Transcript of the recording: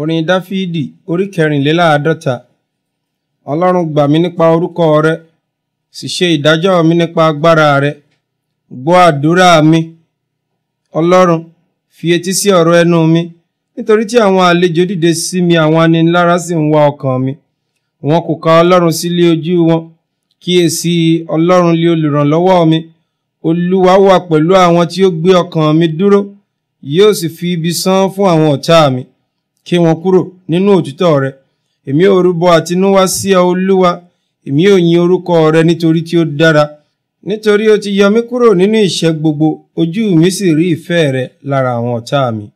orin dáfídì orí kẹrìnléláàádọ́ta ọlọ́run gbà mí nípa orúkọ rẹ sì ṣe ìdájọ́ mi nípa agbára rẹ gbọ́ àdúrà mi ọlọ́run fi etí sí ọ̀rọ̀ ẹnu mi nítorí tí àwọn àlejò dìde sí mi àwọn anilára sì ń wá ọkàn mi wọn kò ka ọlọ́run sílé ojú wọn kíyèsí ọlọ́run lé olùrànlọ́wọ́ mi olúwa wà pẹ̀lú àwọn tí ó gbé ọkàn mi dúró yóò sì fi ibi san fún àwọn ọ̀tá mi ké wọn kúrò nínú òtítọ́ rẹ èmi ó rúbọ àtinúwá sí olúwa èmi ó yin orúkọ rẹ nítorí tí ó dára nítorí ó ti yọ mí kúrò nínú ìṣẹ́ gbogbo ojú mi sì rí ìfẹ́ rẹ lára àwọn ọ̀tá mi